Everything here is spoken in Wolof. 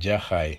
jaxaay